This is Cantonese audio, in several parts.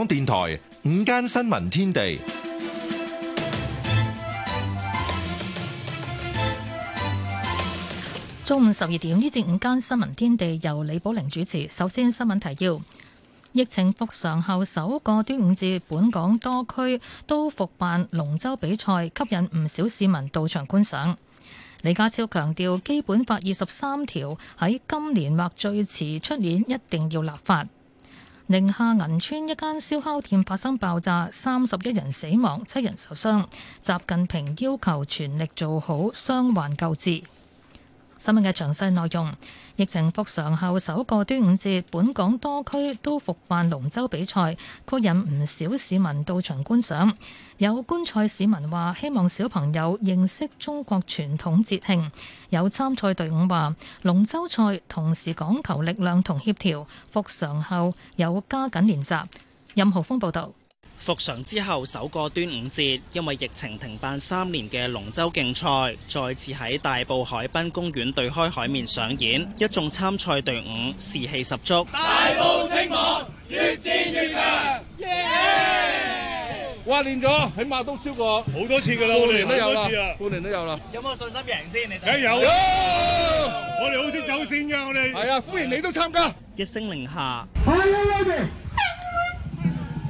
香港電台五間新聞天地，中午十二點呢節五間新聞天地由李寶玲主持。首先新聞提要：疫情復常後首個端午節，本港多區都復辦龍舟比賽，吸引唔少市民到場觀賞。李家超強調，《基本法》二十三條喺今年或最遲出年一定要立法。寧夏銀川一間燒烤店發生爆炸，三十一人死亡，七人受傷。習近平要求全力做好傷患救治。新聞嘅詳細內容，疫情復常後首個端午節，本港多區都復辦龍舟比賽，吸引唔少市民到場觀賞。有觀賽市民話：希望小朋友認識中國傳統節慶。有參賽隊伍話：龍舟賽同時講求力量同協調，復常後有加緊練習。任浩峰報導。復常之後首個端午節，因為疫情停辦三年嘅龍舟競賽，再次喺大埔海濱公園對開海面上演，一眾參賽隊伍士氣十足。大埔清網越戰越強，耶 Yeah!！哇，練咗，起碼都超過好多次噶啦，半年都有啦，半年都有啦。有冇信心贏先？你梗有，我哋好少走線噶，我哋係啊！歡迎你都參加，一聲令下。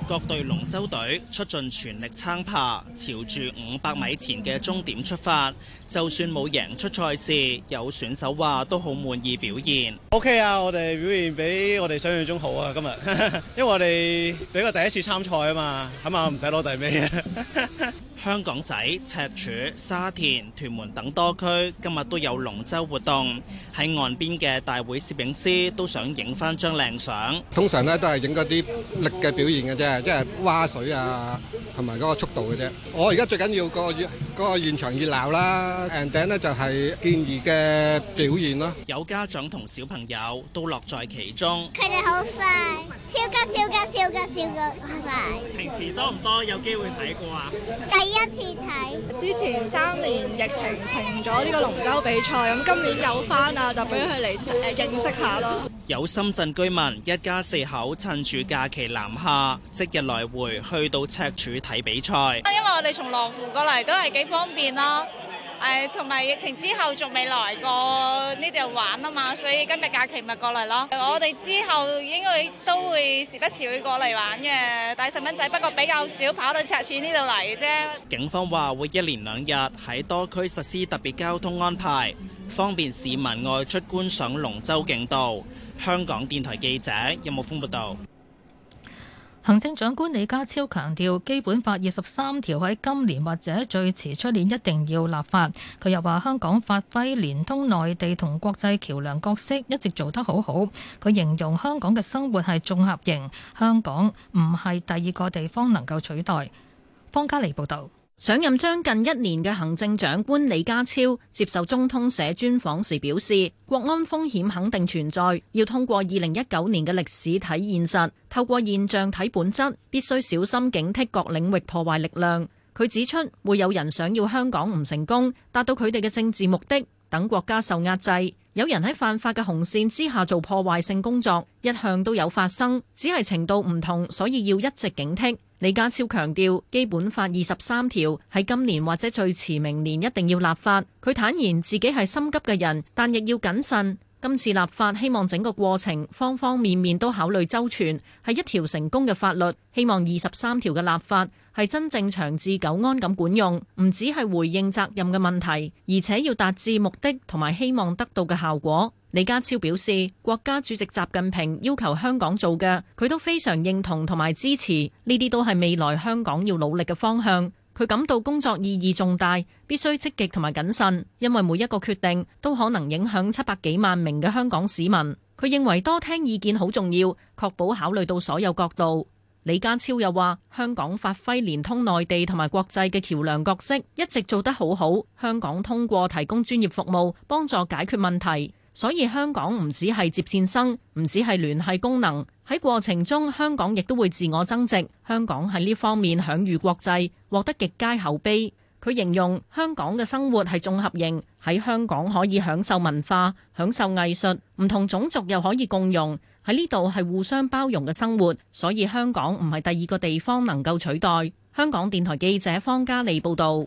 各隊龍舟隊出盡全力撐扒，朝住五百米前嘅終點出發。就算冇贏出賽事，有選手話都好滿意表現。Okay, 啊，我哋表現比我哋想象中好啊！今日， 因為我哋比個第一次參賽啊嘛，起碼唔使攞第尾啊。啊 香港仔、赤柱、沙田、屯門等多區今日都有龍舟活動，喺岸邊嘅大會攝影師都想影翻張靚相。通常咧都係影一啲力嘅表現嘅啫，即係蛙水啊，同埋嗰個速度嘅啫。我而家最緊要個。嗰個現場熱鬧啦 e n d 咧就係建兒嘅表現咯。有家長同小朋友都樂在其中。佢哋好快，超級超級超級超級快。拜拜平時多唔多有機會睇過啊？第一次睇。之前三年疫情停咗呢個龍舟比賽，咁今年有翻啊，就俾佢嚟誒認識下咯。有深圳居民一家四口趁住假期南下，即日來回去到赤柱睇比賽。因為我哋從羅湖過嚟都係幾方便咯。誒，同埋疫情之後仲未來過呢度玩啊嘛，所以今日假期咪過嚟咯。我哋之後應該都會時不時會過嚟玩嘅，帶細蚊仔。不過比較少跑到赤柱呢度嚟嘅啫。警方話會一連兩日喺多區實施特別交通安排，方便市民外出觀賞龍舟競渡。香港電台記者任武峰報道，行政長官李家超強調，《基本法》二十三條喺今年或者最遲出年一定要立法。佢又話，香港發揮聯通內地同國際橋樑角色，一直做得好好。佢形容香港嘅生活係綜合型，香港唔係第二個地方能夠取代。方嘉莉報道。上任將近一年嘅行政長官李家超接受中通社專訪時表示，國安風險肯定存在，要通過二零一九年嘅歷史睇現實，透過現象睇本質，必須小心警惕各領域破壞力量。佢指出，會有人想要香港唔成功，達到佢哋嘅政治目的，等國家受壓制；有人喺犯法嘅紅線之下做破壞性工作，一向都有發生，只係程度唔同，所以要一直警惕。李家超強調，基本法二十三條喺今年或者最遲明年一定要立法。佢坦言自己係心急嘅人，但亦要謹慎。今次立法希望整個過程方方面面都考慮周全，係一條成功嘅法律。希望二十三條嘅立法係真正長治久安咁管用，唔止係回應責任嘅問題，而且要達至目的同埋希望得到嘅效果。李家超表示，國家主席習近平要求香港做嘅，佢都非常認同同埋支持。呢啲都係未來香港要努力嘅方向。佢感到工作意義重大，必須積極同埋謹慎，因為每一個決定都可能影響七百幾萬名嘅香港市民。佢認為多聽意見好重要，確保考慮到所有角度。李家超又話，香港發揮連通內地同埋國際嘅橋樑角色，一直做得好好。香港通過提供專業服務，幫助解決問題。所以香港唔只係接線生，唔止係聯繫功能。喺過程中，香港亦都會自我增值。香港喺呢方面享譽國際，獲得極佳口碑。佢形容香港嘅生活係綜合型，喺香港可以享受文化、享受藝術，唔同種族又可以共用，喺呢度係互相包容嘅生活。所以香港唔係第二個地方能夠取代。香港電台記者方嘉莉報導。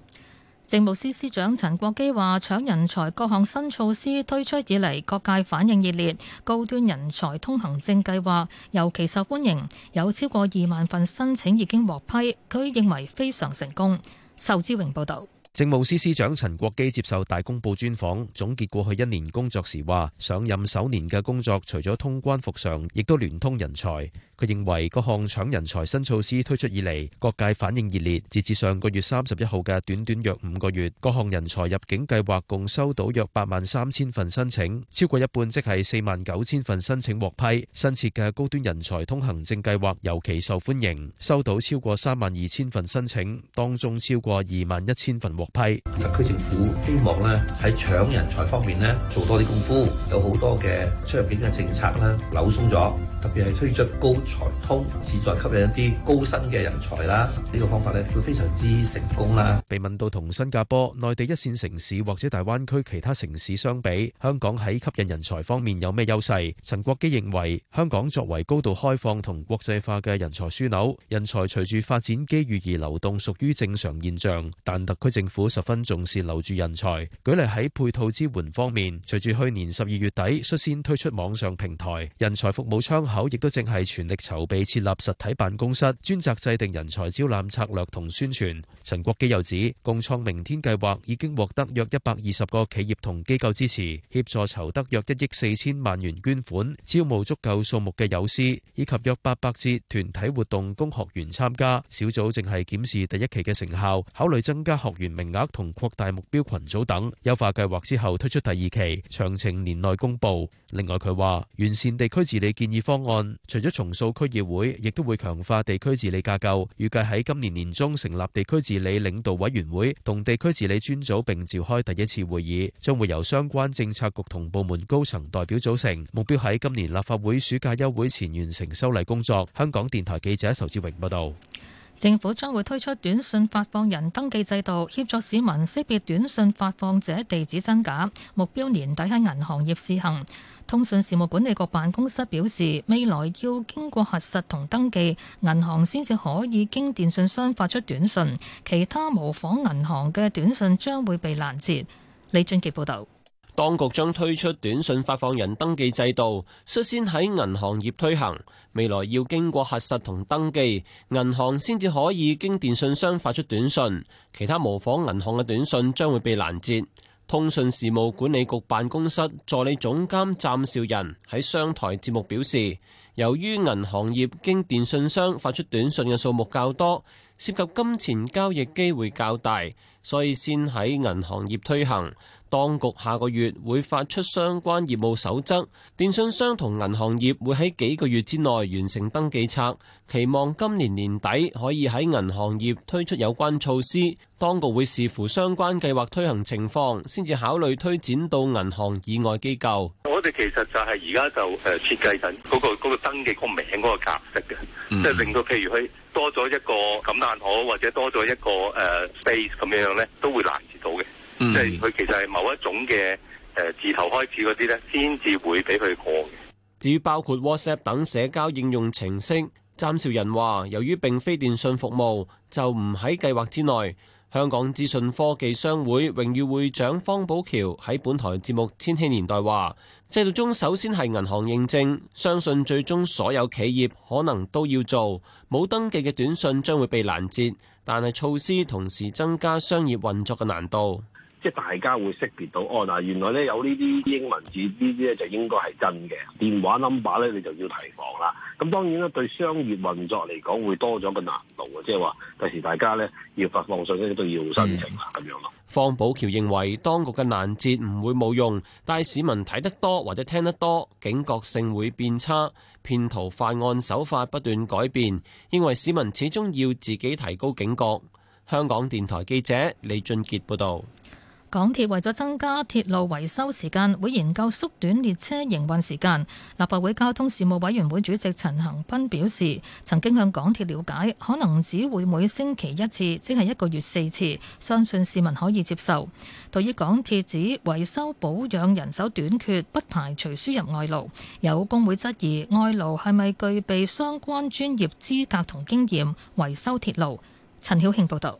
政務司司長陳國基話：搶人才各項新措施推出以嚟，各界反應熱烈，高端人才通行證計劃尤其受歡迎，有超過二萬份申請已經獲批。佢認為非常成功。仇志榮報道。政務司司長陳國基接受《大公報》專訪，總結過去一年工作時話：上任首年嘅工作，除咗通關復常，亦都聯通人才。佢認為各項搶人才新措施推出以嚟，各界反應熱烈。截至上個月三十一號嘅短短約五個月，各項人才入境計劃共收到約八萬三千份申請，超過一半即係四萬九千份申請獲批。新設嘅高端人才通行證計劃尤其受歡迎，收到超過三萬二千份申請，當中超過二萬一千份。獲批，特區政府希望咧，喺搶人才方面咧，做多啲功夫，有好多嘅出入境嘅政策啦，扭鬆咗，特別係推出高才通，旨在吸引一啲高薪嘅人才啦。呢個方法咧，會非常之成功啦。被問到同新加坡、內地一線城市或者大灣區其他城市相比，香港喺吸引人才方面有咩優勢？陳國基認為，香港作為高度開放同國際化嘅人才樞紐，人才隨住發展機遇而流動屬於正常現象，但特區政府府十分重視留住人才，舉例喺配套支援方面，隨住去年十二月底率先推出網上平台，人才服務窗口亦都正係全力籌備設立實體辦公室，專責制定人才招攬策略同宣傳。陳國基又指，共創明天計劃已經獲得約一百二十個企業同機構支持，協助籌得約一億四千萬元捐款，招募足夠數目嘅導師，以及約八百節團體活動供學員參加。小組正係檢視第一期嘅成效，考慮增加學員名。名額同擴大目標群組等優化計劃，之後推出第二期，詳情年內公布。另外，佢話完善地區治理建議方案，除咗重塑區議會，亦都會強化地區治理架構。預計喺今年年中成立地區治理領導委員會同地區治理專組，並召開第一次會議，將會由相關政策局同部門高層代表組成。目標喺今年立法會暑假休會前完成修例工作。香港電台記者仇志榮報道。政府將會推出短信發放人登記制度，協助市民識別短信發放者地址真假。目標年底喺銀行業試行。通訊事務管理局辦公室表示，未來要經過核實同登記，銀行先至可以經電信商發出短信。其他模仿銀行嘅短信將會被攔截。李俊傑報道。當局將推出短訊發放人登記制度，率先喺銀行業推行。未來要經過核實同登記，銀行先至可以經電訊商發出短訊。其他模仿銀行嘅短訊將會被攔截。通訊事務管理局辦公室助理總監湛兆仁喺商台節目表示，由於銀行業經電訊商發出短訊嘅數目較多，涉及金錢交易機會較大，所以先喺銀行業推行。當局下個月會發出相關業務守則，電信商同銀行業會喺幾個月之內完成登記冊，期望今年年底可以喺銀行業推出有關措施。當局會視乎相關計劃推行情況，先至考慮推展到銀行以外機構。我哋其實就係而家就誒設計緊嗰個嗰個登記個名嗰個格式嘅，即係令到譬如佢多咗一個感嘆號或者多咗一個誒 space 咁樣咧，都會攔截到嘅。即係佢，其實係某一種嘅誒字頭開始嗰啲呢先至會俾佢過嘅。至於包括 WhatsApp 等社交應用程式，詹兆人話：由於並非電信服務，就唔喺計劃之內。香港資訊科技商會榮譽會長方寶橋喺本台節目《千禧年代》話：制度中首先係銀行認證，相信最終所有企業可能都要做，冇登記嘅短訊將會被攔截，但係措施同時增加商業運作嘅難度。即係大家會識別到哦嗱，原來咧有呢啲英文字呢啲咧，就應該係真嘅電話 number 咧，你就要提防啦。咁當然啦，對商業運作嚟講會多咗個難度啊。即係話第時大家咧要發放信息都要申請啊，咁樣咯。方寶橋認為當局嘅攔截唔會冇用，但市民睇得多或者聽得多警覺性會變差，騙徒犯案手法不斷改變，認為市民始終要自己提高警覺。香港電台記者李俊傑報道。港鐵為咗增加鐵路維修時間，會研究縮短列車營運時間。立法會交通事務委員會主席陳恒斌表示，曾經向港鐵了解，可能只會每星期一次，即係一個月四次，相信市民可以接受。對於港鐵指維修保養人手短缺，不排除輸入外勞。有工會質疑外勞係咪具備相關專業資格同經驗維修鐵路？陳曉慶報道。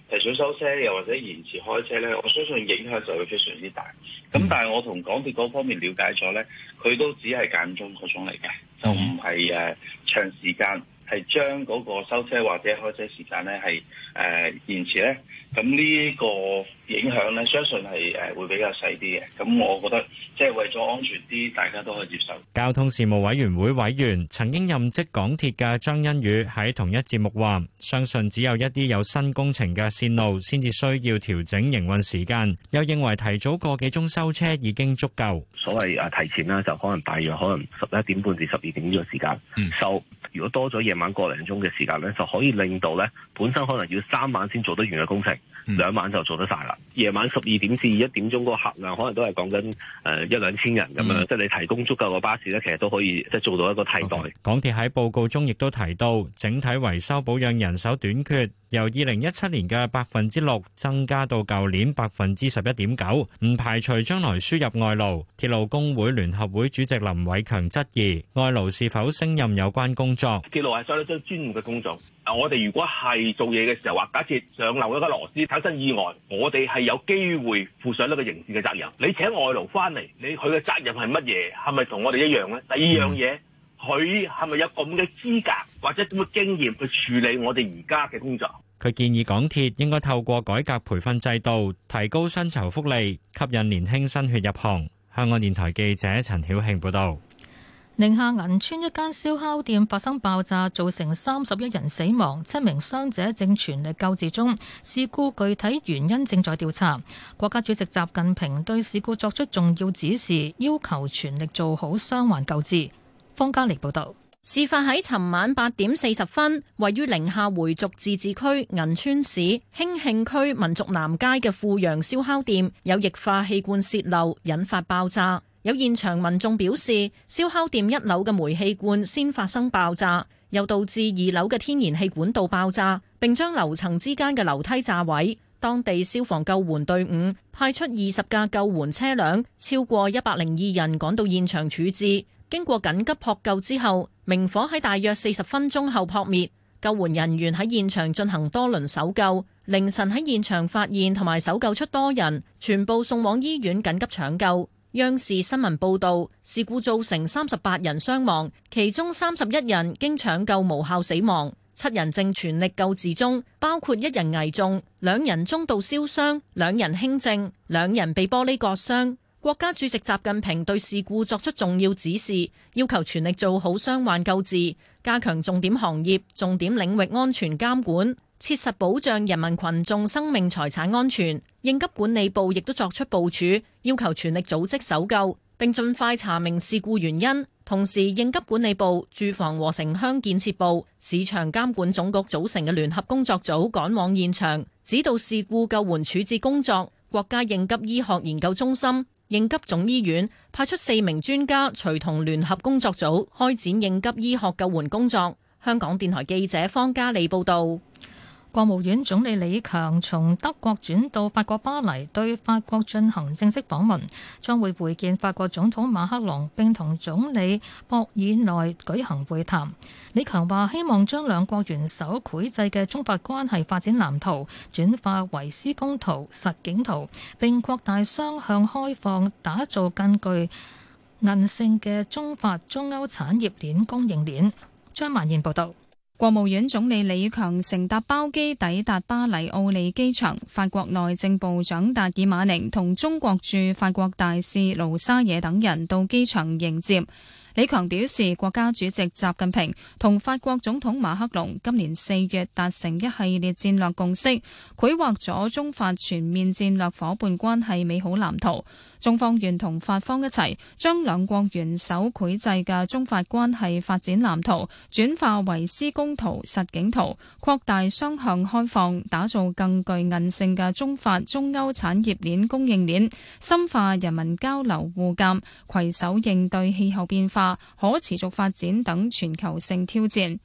提早收車又或者延遲開車咧，我相信影響就會非常之大。咁但係我同港鐵嗰方面了解咗呢，佢都只係間中嗰種嚟嘅，就唔係誒長時間係將嗰個收車或者開車時間呢係誒延遲咧。咁呢個影響呢，相信係誒會比較細啲嘅。咁我覺得即係為咗安全啲，大家都可以接受。交通事務委員會委員曾經任職港鐵嘅張欣宇喺同一節目話，相信只有一啲有新工程嘅線路先至需要調整營運時間。又認為提早個幾鐘收車已經足夠。所謂誒提前啦，就可能大約可能十一點半至十二點呢個時間收。如果多咗夜晚個零鐘嘅時間呢，就可以令到呢本身可能要三晚先做得完嘅工程。嗯、兩晚就做得晒啦。夜晚十二點至一點鐘嗰個客量，可能都係講緊誒一兩千人咁樣，嗯、即係你提供足夠個巴士咧，其實都可以即係做到一個替代。Okay. 港鐵喺報告中亦都提到，整體維修保養人手短缺。由二零一七年嘅百分之六增加到舊年百分之十一點九，唔排除將來輸入外勞。鐵路工會聯合會主席林偉強質疑：外勞是否升任有關工作？鐵路係相當相專業嘅工作。啊，我哋如果係做嘢嘅時候話，假設上漏咗個螺絲產生意外，我哋係有機會負上呢個刑事嘅責任。你請外勞翻嚟，你佢嘅責任係乜嘢？係咪同我哋一樣呢？第二樣嘢。佢係咪有咁嘅資格或者咁嘅經驗去處理我哋而家嘅工作？佢建議港鐵應該透過改革培訓制度，提高薪酬福利，吸引年輕新血入行。香港電台記者陳曉慶報道。寧夏銀川一間燒烤店發生爆炸，造成三十一人死亡，七名傷者正全力救治中。事故具體原因正在調查。國家主席習近平對事故作出重要指示，要求全力做好傷患救治。方家莉報道，事發喺尋晚八點四十分，位於寧夏回族自治區銀川市興慶區民族南街嘅富陽燒烤店有液化氣罐泄漏，引發爆炸。有現場民眾表示，燒烤，烤店一樓嘅煤氣罐先發生爆炸，又導致二樓嘅天然氣管道爆炸，並將樓層之間嘅樓梯炸毀。當地消防救援隊伍派出二十架救援車輛，超過一百零二人趕到現場處置。經過緊急撲救之後，明火喺大約四十分鐘後撲滅。救援人員喺現場進行多輪搜救，凌晨喺現場發現同埋搜救出多人，全部送往醫院緊急搶救。央視新聞報道，事故造成三十八人傷亡，其中三十一人經搶救無效死亡，七人正全力救治中，包括一人危重，兩人中度燒傷，兩人輕症，兩人被玻璃割傷。國家主席習近平對事故作出重要指示，要求全力做好傷患救治，加強重點行業、重點領域安全監管，切實保障人民群眾生命財產安全。應急管理部亦都作出部署，要求全力組織搜救，並盡快查明事故原因。同時，應急管理部、住房和城鄉建設部、市場監管總局組成嘅聯合工作組趕往現場，指導事故救援處置工作。國家應急醫學研究中心。應急總醫院派出四名專家隨同聯合工作組開展應急醫學救援工作。香港電台記者方嘉莉報道。國務院總理李強從德國轉到法國巴黎，對法國進行正式訪問，將會會見法國總統馬克龍並同總理博爾內舉行會談。李強話：希望將兩國元首繪製嘅中法關係發展藍圖轉化為施工圖、實景圖，並擴大雙向開放，打造更具韌性嘅中法、中歐產業鏈供應鏈。張曼燕報導。國務院總理李強乘搭包機抵達巴黎奧利機場，法國內政部長達爾馬寧同中國駐法國大使盧沙野等人到機場迎接。李強表示，國家主席習近平同法國總統馬克龍今年四月達成一系列戰略共識，繪劃咗中法全面戰略伙伴關係美好藍圖。中方願同法方一齊，將兩國元首繪製嘅中法關係發展藍圖轉化為施工圖、實景圖，擴大雙向開放，打造更具韌性嘅中法、中歐產業鏈供應鏈，深化人民交流互鑑，攜手應對氣候變化、可持續發展等全球性挑戰。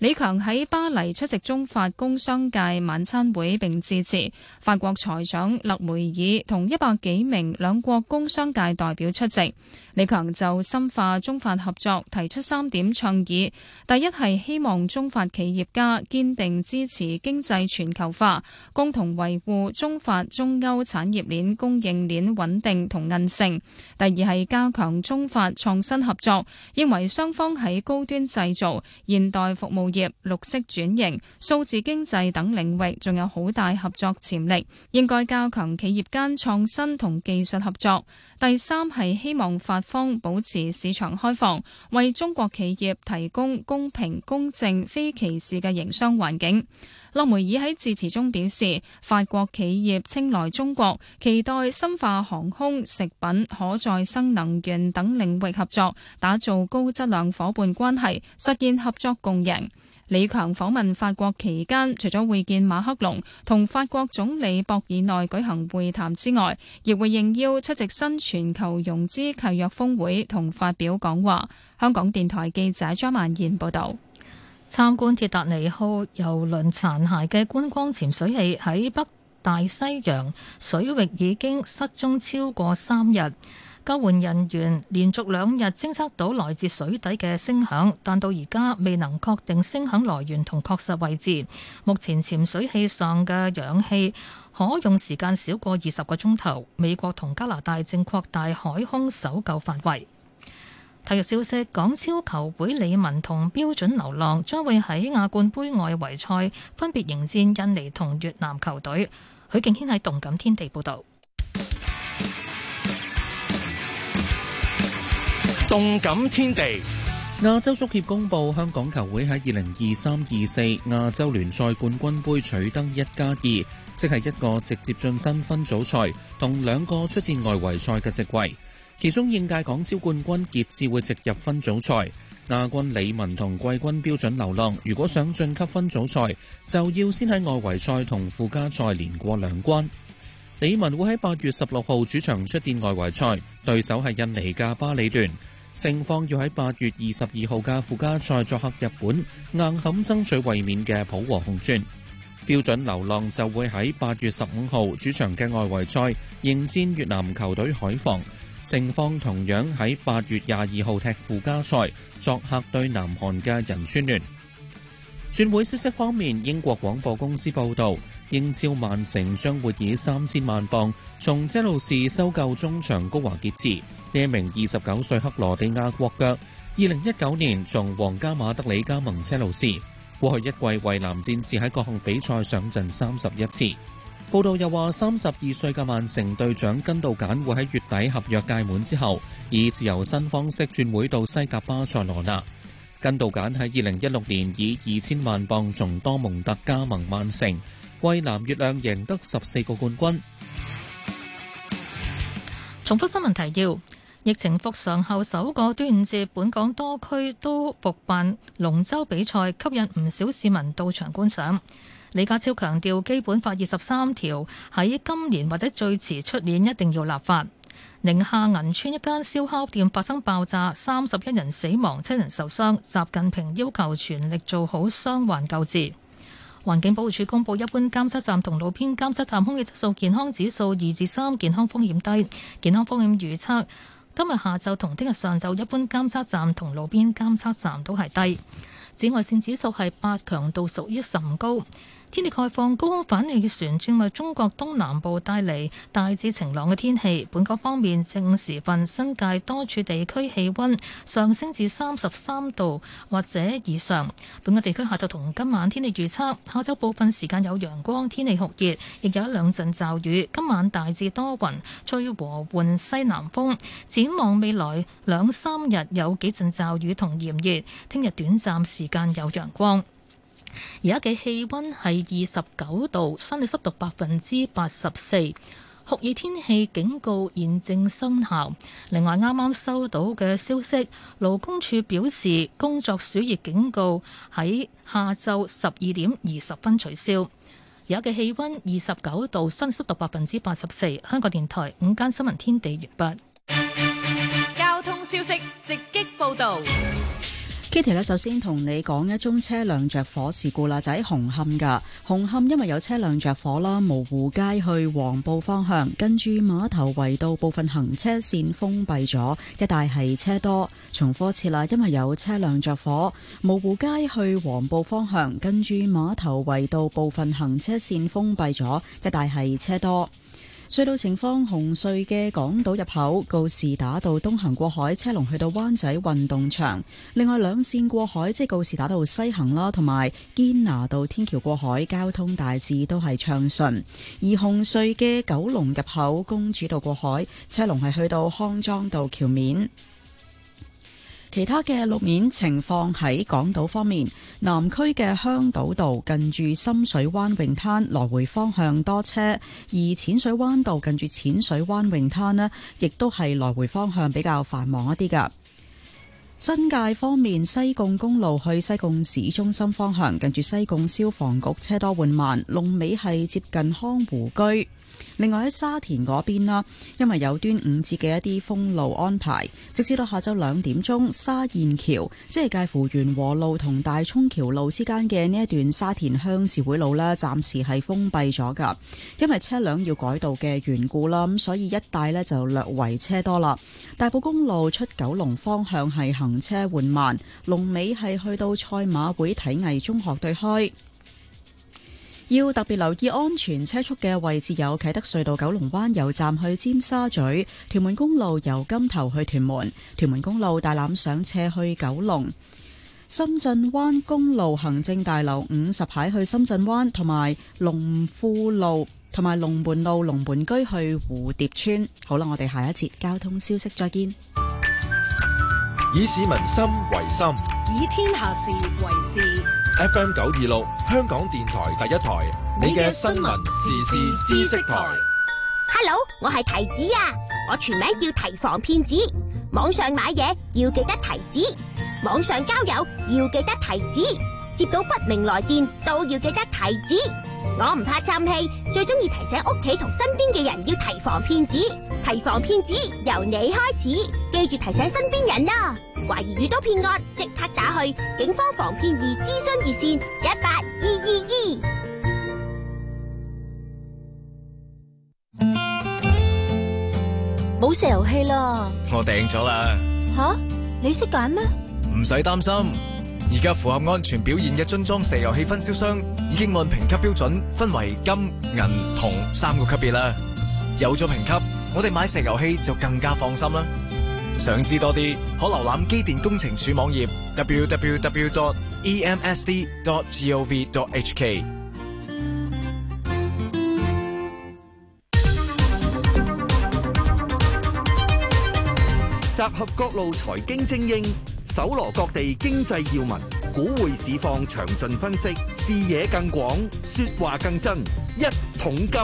李強喺巴黎出席中法工商界晚餐會，並致辭。法國財長勒梅爾同一百幾名兩國工商界代表出席。李強就深化中法合作提出三點倡議：第一係希望中法企業家堅定支持經濟全球化，共同維護中法中歐產業鏈供應鏈穩定同韌性；第二係加強中法創新合作，認為雙方喺高端製造、現代服務。業、綠色轉型、數字經濟等領域，仲有好大合作潛力，應該加強企業間創新同技術合作。第三，係希望法方保持市場開放，為中國企業提供公平、公正、非歧視嘅營商環境。洛梅爾喺致辭中表示，法國企業青睞中國，期待深化航空、食品、可再生能源等領域合作，打造高質量伙伴關係，實現合作共贏。李強訪問法國期間，除咗會見馬克龍，同法國總理博爾內舉，舉行會談之外，亦會應邀出席新全球融資契約峰會同發表講話。香港電台記者張曼賢報導。參觀鐵達尼號郵輪殘骸嘅觀光潛水器喺北大西洋水域已經失蹤超過三日，救援人員連續兩日偵測到來自水底嘅聲響，但到而家未能確定聲響來源同確實位置。目前潛水器上嘅氧氣可用時間少過二十個鐘頭，美國同加拿大正擴大海空搜救範圍。體育消息：港超球會李文同標準流浪將會喺亞冠杯外圍賽分別迎戰印尼同越南球隊。許敬軒喺動感天地報道。動感天地，報動感天地亞洲足協公布香港球會喺二零二三二四亞洲聯賽冠軍盃取得一加二，2，即係一個直接晉身分組賽，同兩個出戰外圍賽嘅席位。其中應屆港超冠軍傑志會直入分組賽，亞軍李文同季軍標準流浪。如果想晉級分組賽，就要先喺外圍賽同附加賽連過兩關。李文會喺八月十六號主場出戰外圍賽，對手係印尼嘅巴里段。勝方要喺八月二十二號嘅附加賽作客日本，硬撼爭取衛冕嘅浦和紅鑽。標準流浪就會喺八月十五號主場嘅外圍賽迎戰越南球隊海防。盛況同樣喺八月廿二號踢附加賽，作客對南韓嘅仁川聯。轉會消息方面，英國廣播公司報道，英超曼城將會以三千萬鎊從車路士收購中場高華傑治，呢一名二十九歲克羅地亞國腳，二零一九年從皇家馬德里加盟車路士，過去一季為藍戰士喺各項比賽上陣三十一次。報道又話，三十二歲嘅曼城隊長根杜簡會喺月底合約屆滿之後，以自由身方式轉會到西甲巴塞羅那。根杜簡喺二零一六年以二千萬鎊從多蒙特加盟曼城，為藍月亮贏得十四個冠軍。重複新聞提要：疫情復常後首個端午節，本港多區都復辦龍舟比賽，吸引唔少市民到場觀賞。李家超強調，《基本法》二十三條喺今年或者最遲出年一定要立法。寧夏銀川一間燒烤店發生爆炸，三十一人死亡，七人受傷。習近平要求全力做好傷患救治。環境保護署公佈，一般監測站同路邊監測站空氣質素健康指數二至三，健康風險低。健康風險預測今日下晝同聽日上晝一般監測站同路邊監測站都係低。紫外線指數係八強度，屬於甚高。天氣概況，高空反氣旋轉為中國東南部，帶嚟大致晴朗嘅天氣。本港方面正午時分，新界多處地區氣温上升至三十三度或者以上。本港地區下晝同今晚天氣預測，下晝部分時間有陽光，天氣酷熱，亦有一兩陣驟雨。今晚大致多雲，吹和緩西南風。展望未來兩三日有幾陣驟雨同炎熱，聽日短暫時間有陽光。而家嘅氣溫係二十九度，相對濕度百分之八十四，酷熱天氣警告現正生效。另外，啱啱收到嘅消息，勞工處表示工作暑熱警告喺下晝十二點二十分取消。而家嘅氣溫二十九度，相對濕度百分之八十四。香港電台午間新聞天地月，余柏。交通消息直擊報道。Kitty，首先同你講一宗車輛着火事故啦，仔、就、喺、是、紅磡噶。紅磡因為有車輛着火啦，蕪湖街去黃埔方向，跟住碼頭圍道部分行車線封閉咗，一帶係車多。重複一次啦，因為有車輛着火，蕪湖街去黃埔方向，跟住碼頭圍道部分行車線封閉咗，一帶係車多。隧道情況，紅隧嘅港島入口告士打道東行過海，車龍去到灣仔運動場；另外兩線過海，即係告士打道西行啦，同埋堅拿道天橋過海，交通大致都係暢順。而紅隧嘅九龍入口公主道過海，車龍係去到康莊道橋面。其他嘅路面情況，喺港島方面，南區嘅香島道近住深水灣泳灘來回方向多車，而淺水灣道近住淺水灣泳灘呢，亦都係來回方向比較繁忙一啲㗎。新界方面，西貢公路去西貢市中心方向近住西貢消防局車多緩慢，龍尾係接近康湖居。另外喺沙田嗰邊啦，因為有端午節嘅一啲封路安排，直至到下晝兩點鐘，沙燕橋即係介乎元和路同大涌橋路之間嘅呢一段沙田鄉事會路啦，暫時係封閉咗噶，因為車輛要改道嘅緣故啦，咁所以一帶咧就略為車多啦。大埔公路出九龍方向係行車緩慢，龍尾係去到賽馬會體藝中學對開。要特別留意安全車速嘅位置有啟德隧道、九龍灣油站去尖沙咀、屯門公路由金頭去屯門、屯門公路大欖上車去九龍、深圳灣公路行政大樓五十排去深圳灣，同埋龍富路同埋龍門路龍門居去蝴蝶村。好啦，我哋下一節交通消息，再見。以市民心為心，以天下事為事。FM 九二六香港電台第一台，你嘅新聞時事知識台。Hello，我係提子啊，我全名叫提防騙子，網上買嘢要記得提子，網上交友要記得提子，接到不明來電都要記得提子。我唔怕氹戲，最中意提醒屋企同身邊嘅人要提防騙子，提防騙子由你開始，記住提醒身邊人啦。懷疑遇到騙案，即刻打去警方防騙易諮詢熱線，一八二二二。冇射遊戲啦，我訂咗啦。吓，你識揀咩？唔使擔心。而家符合安全表現嘅樽裝石油氣分銷商已經按評級標準分為金、銀、銅三個級別啦。有咗評級，我哋買石油氣就更加放心啦。想知多啲，可瀏覽機電工程署網頁 www.emsd.gov.hk。集合各路財經精英。搜羅各地經濟要聞，股匯市況詳盡分析，視野更廣，說話更真。一桶金，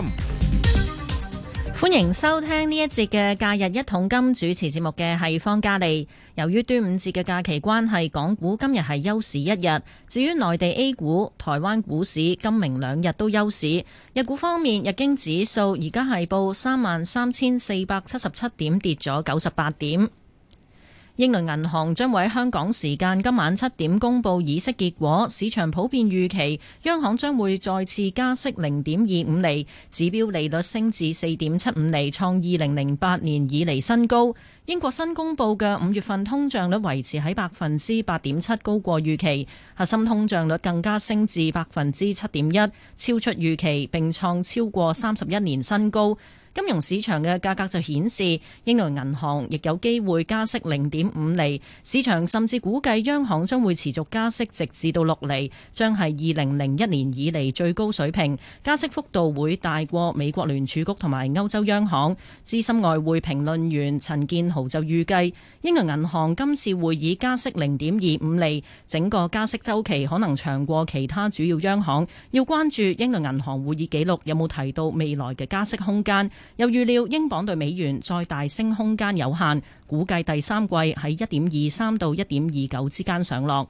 歡迎收聽呢一節嘅假日一桶金主持節目嘅係方嘉利。由於端午節嘅假期關係，港股今日係休市一日。至於內地 A 股、台灣股市今明兩日都休市。日股方面，日經指數而家係報三萬三千四百七十七點，跌咗九十八點。英倫銀行將會喺香港時間今晚七點公布議息結果，市場普遍預期央行將會再次加息零點二五厘，指標利率升至四點七五厘，創二零零八年以嚟新高。英國新公布嘅五月份通脹率維持喺百分之八點七，高過預期，核心通脹率更加升至百分之七點一，超出預期，並創超過三十一年新高。金融市場嘅價格就顯示，英倫銀行亦有機會加息零點五厘。市場甚至估計央行將會持續加息直至到六厘，將係二零零一年以嚟最高水平，加息幅度會大過美國聯儲局同埋歐洲央行。資深外匯評論員陳建豪就預計，英倫銀行今次會議加息零點二五厘，整個加息周期可能長過其他主要央行，要關注英倫銀行會議紀錄有冇提到未來嘅加息空間。又預料英鎊兌美元再大升空間有限，估計第三季喺一點二三到一點二九之間上落。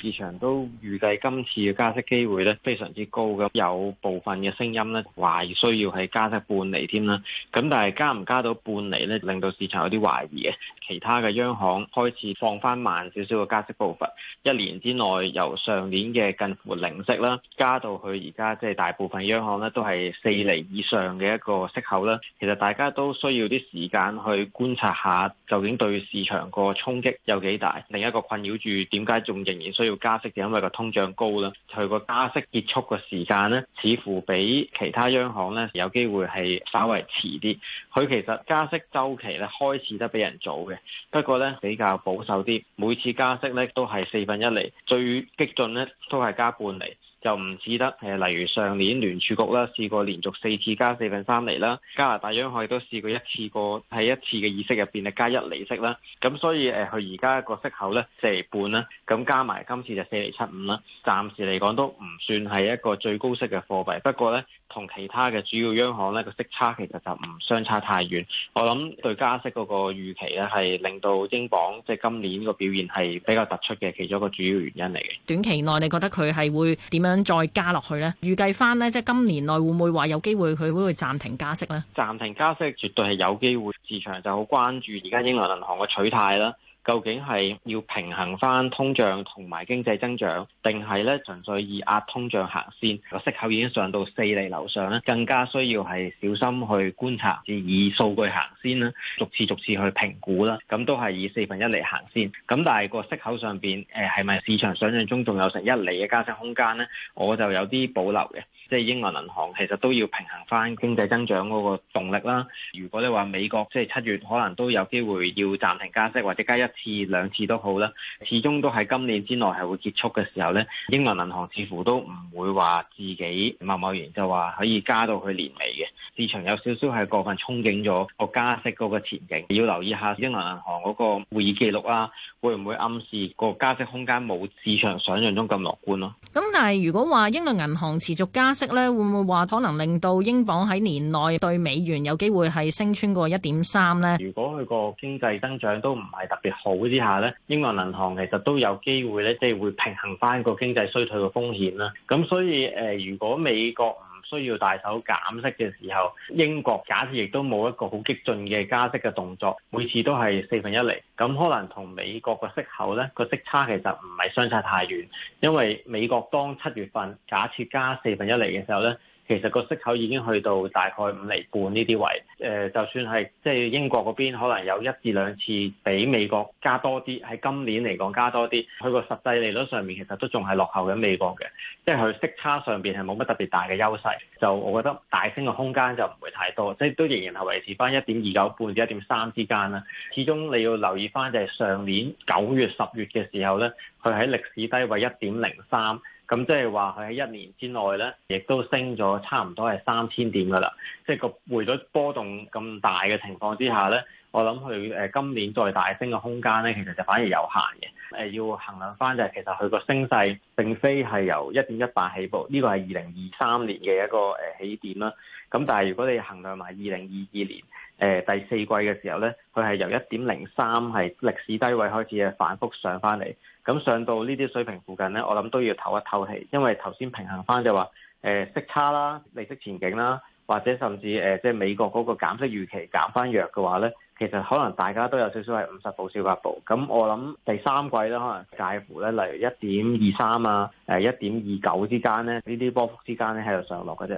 市場都預計今次嘅加息機會咧非常之高嘅，有部分嘅聲音咧懷疑需要係加息半厘添啦。咁但係加唔加到半厘咧，令到市場有啲懷疑嘅。其他嘅央行開始放翻慢少少嘅加息步伐，一年之內由上年嘅近乎零息啦，加到去而家即係大部分央行咧都係四厘以上嘅一個息口啦。其實大家都需要啲時間去觀察下，究竟對市場個衝擊有幾大。另一個困擾住點解仲仍然需要加息就因為個通脹高啦，佢個加息結束嘅時間咧，似乎比其他央行咧有機會係稍微遲啲。佢其實加息周期咧開始得比人早嘅，不過咧比較保守啲，每次加息咧都係四分一厘，最激進咧都係加半厘。就唔似得誒，例如上年聯儲局啦，試過連續四次加四分三厘啦，加拿大央行亦都試過一次過喺一次嘅議息入邊咧加一厘息啦，咁所以誒佢而家個息口咧四厘半啦，咁加埋今次就四厘七五啦，暫時嚟講都唔算係一個最高息嘅貨幣，不過咧，同其他嘅主要央行咧個息差其實就唔相差太遠。我諗對加息嗰個預期咧係令到英鎊即係今年呢個表現係比較突出嘅其中一個主要原因嚟嘅。短期內你覺得佢係會點樣再加落去咧？預計翻咧，即係今年內會唔會話有機會，佢會會暫停加息咧？暫停加息絕對係有機會，市場就好關注而家英倫銀行嘅取態啦。究竟係要平衡返通脹同埋經濟增長，定係咧純粹以壓通脹行先？個息口已經上到四厘樓上咧，更加需要係小心去觀察，至以數據行先啦，逐次逐次去評估啦。咁都係以四分一嚟行先。咁但係個息口上邊，誒係咪市場想象中仲有成一厘嘅加升空間咧？我就有啲保留嘅。即係英倫銀行其實都要平衡翻經濟增長嗰個動力啦。如果你話美國即係七月可能都有機會要暫停加息，或者加一次兩次都好啦，始終都係今年之內係會結束嘅時候咧，英倫銀行似乎都唔會話自己貿貿然就話可以加到去年尾嘅。市場有少少係過分憧憬咗個加息嗰個前景，要留意下英倫銀行嗰個會議記錄啦，會唔會暗示個加息空間冇市場想象中咁樂觀咯？咁但係如果話英倫銀行持續加，息咧，會唔會話可能令到英鎊喺年內對美元有機會係升穿過一點三咧？如果佢個經濟增長都唔係特別好之下咧，英國銀行其實都有機會咧，即係會平衡翻個經濟衰退嘅風險啦。咁所以誒，如果美國需要大手減息嘅時候，英國假設亦都冇一個好激進嘅加息嘅動作，每次都係四分一厘。咁可能同美國嘅息口呢個息差其實唔係相差太遠，因為美國當七月份假設加四分一厘嘅時候呢。其實個息口已經去到大概五厘半呢啲位，誒、呃，就算係即係英國嗰邊可能有一至兩次比美國加多啲，喺今年嚟講加多啲，佢個實際利率上面其實都仲係落後緊美國嘅，即係佢息差上邊係冇乜特別大嘅優勢，就我覺得大升嘅空間就唔會太多，即係都仍然係維持翻一點二九半至一點三之間啦。始終你要留意翻就係上年九月、十月嘅時候咧，佢喺歷史低位一點零三。咁即係話佢喺一年之內咧，亦都升咗差唔多係三千點㗎喇。即係個匯率波動咁大嘅情況之下咧，我諗佢誒今年再大升嘅空間咧，其實就反而有限嘅。誒要衡量翻就係其實佢個升勢並非係由一點一八起步，呢、這個係二零二三年嘅一個誒起點啦。咁但係如果你衡量埋二零二二年誒、呃、第四季嘅時候咧，佢係由一點零三係歷史低位開始係，反覆上翻嚟，咁上到呢啲水平附近咧，我諗都要唞一唞氣，因為頭先平衡翻就話誒息差啦、利息前景啦。或者甚至誒、呃，即係美國嗰個減息預期減翻弱嘅話咧，其實可能大家都有少少係五十步笑百步。咁我諗第三季咧，可能介乎咧，例如一點二三啊，誒一點二九之間咧，呢啲波幅之間咧，喺度上落嘅啫。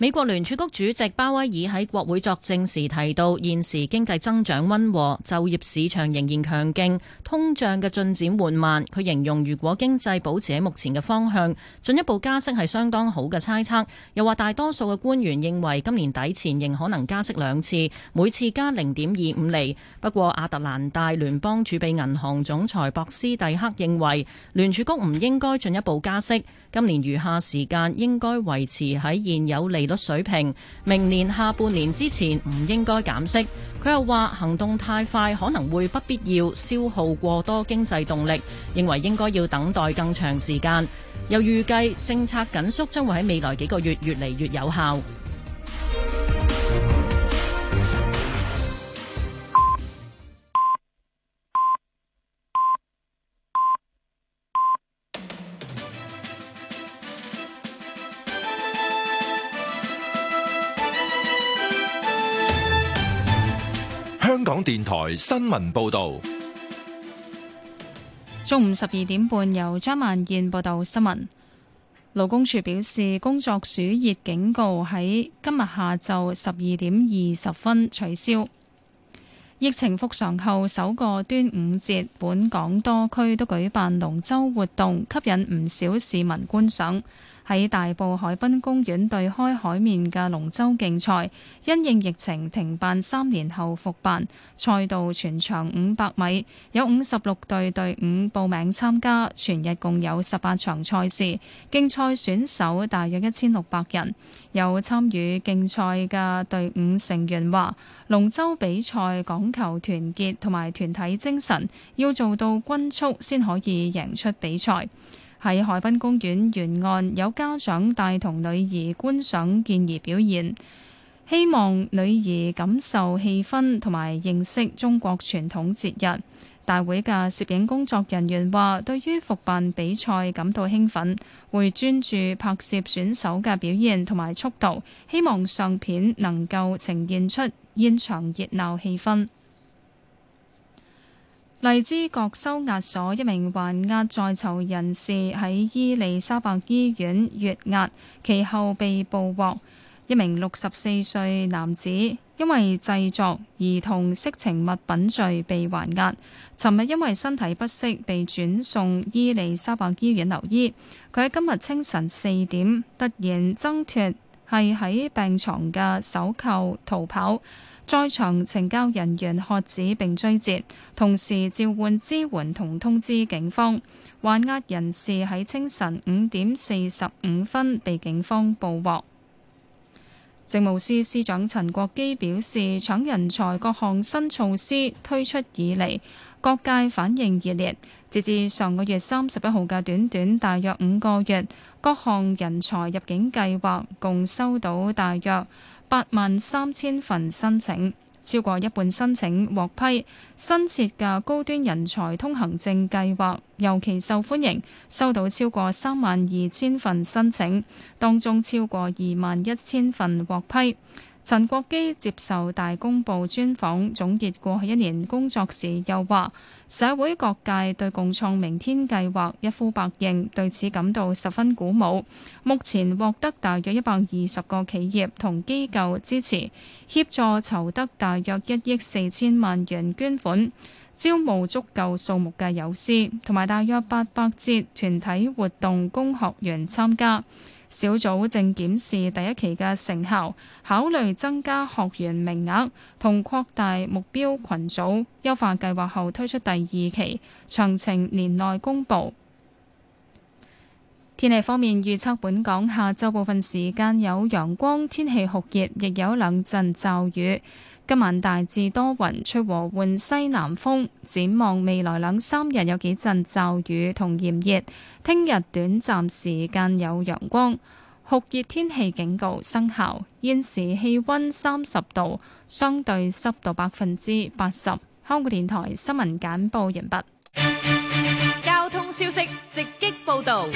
美國聯儲局主席鮑威爾喺國會作證時提到，現時經濟增長溫和，就業市場仍然強勁，通脹嘅進展緩慢。佢形容，如果經濟保持喺目前嘅方向，進一步加息係相當好嘅猜測。又話大多數嘅官員認為，今年底前仍可能加息兩次，每次加零點二五厘。不過，亞特蘭大聯邦儲備銀行總裁博斯蒂克認為，聯儲局唔應該進一步加息，今年餘下時間應該維持喺現有利水平，明年下半年之前唔應該減息。佢又話，行動太快可能會不必要消耗過多經濟動力，認為應該要等待更長時間。又預計政策緊縮將會喺未來幾個月越嚟越有效。香港電台新聞報道，中午十二點半由張萬燕報道新聞。勞工處表示，工作暑熱警告喺今日下晝十二點二十分取消。疫情復常後，首個端午節，本港多區都舉辦龍舟活動，吸引唔少市民觀賞。喺大埔海濱公園對開海面嘅龍舟競賽，因應疫情停辦三年後復辦，賽道全長五百米，有五十六隊隊伍報名參加，全日共有十八場賽事，競賽選手大約一千六百人。有參與競賽嘅隊伍成員話，龍舟比賽講求團結同埋團體精神，要做到均速先可以贏出比賽。喺海濱公園沿岸，有家長帶同女兒觀賞健兒表演，希望女兒感受氣氛同埋認識中國傳統節日。大會嘅攝影工作人員話，對於復辦比賽感到興奮，會專注拍攝選手嘅表現同埋速度，希望相片能夠呈現出現場熱鬧氣氛。荔枝角收押所一名還押在囚人士喺伊利沙伯醫院越押，其後被捕獲。一名六十四歲男子因為製作兒童色情物品罪被還押，尋日因為身體不適被轉送伊利沙伯醫院留醫。佢喺今日清晨四點突然掙脫，係喺病床嘅手銬逃跑。在場懲教人員喝止並追截，同時召喚支援同通知警方，還押人士喺清晨五點四十五分被警方捕獲。政務司司長陳國基表示，搶人才各項新措施推出以嚟，各界反應熱烈。截至上個月三十一號嘅短短大約五個月，各項人才入境計劃共收到大約，八萬三千份申請，超過一半申請獲批。新設嘅高端人才通行證計劃尤其受歡迎，收到超過三萬二千份申請，當中超過二萬一千份獲批。陳國基接受大公報專訪總結過去一年工作時又，又話。社會各界對共創明天計劃一呼百應，對此感到十分鼓舞。目前獲得大約一百二十個企業同機構支持，協助籌得大約一億四千萬元捐款，招募足夠數目嘅友師，同埋大約八百節團體活動供學員參加。小組正檢視第一期嘅成效，考慮增加學員名額同擴大目標群組，優化計劃後推出第二期，詳情年內公佈。天氣方面預測，本港下晝部分時間有陽光，天氣酷熱，亦有兩陣驟雨。今晚大致多雲，出和緩西南風。展望未來兩三日有幾陣驟雨同炎熱。聽日短暫時間有陽光。酷熱天氣警告生效。現時氣温三十度，相對濕度百分之八十。香港電台新聞簡報完畢。交通消息直擊報道。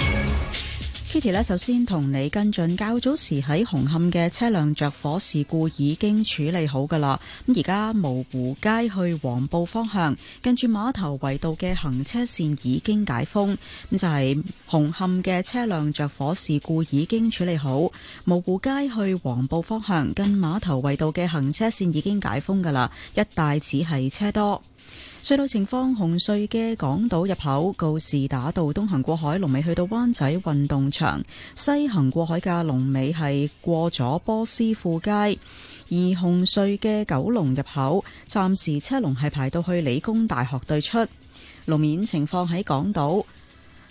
Kitty 咧，Katie，首先同你跟進，較早時喺紅磡嘅車輛着火事故已經處理好噶啦。咁而家蕪湖街去黃埔方向，近住碼頭圍道嘅行車綫已經解封。咁就係、是、紅磡嘅車輛着火事故已經處理好，蕪湖街去黃埔方向近碼頭圍道嘅行車綫已經解封噶啦，一帶只係車多。隧道情況，紅隧嘅港島入口告士打道東行過海，龍尾去到灣仔運動場；西行過海嘅龍尾係過咗波斯富街。而紅隧嘅九龍入口，暫時車龍係排到去理工大學對出，路面情況喺港島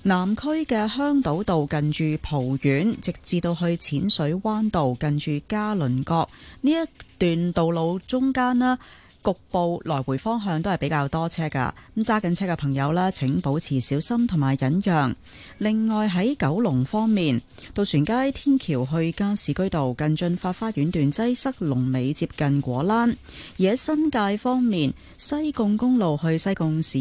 南區嘅香島道近住蒲苑，直至到去淺水灣道近住嘉麟閣。呢一段道路中間呢，.局部來回方向都係比較多車噶，咁揸緊車嘅朋友啦，請保持小心同埋忍讓。另外喺九龍方面，渡船街天橋去加士居道近駿發花園段擠塞，塞，龍尾接近果欄；而喺新界方面，西貢公路去西貢市。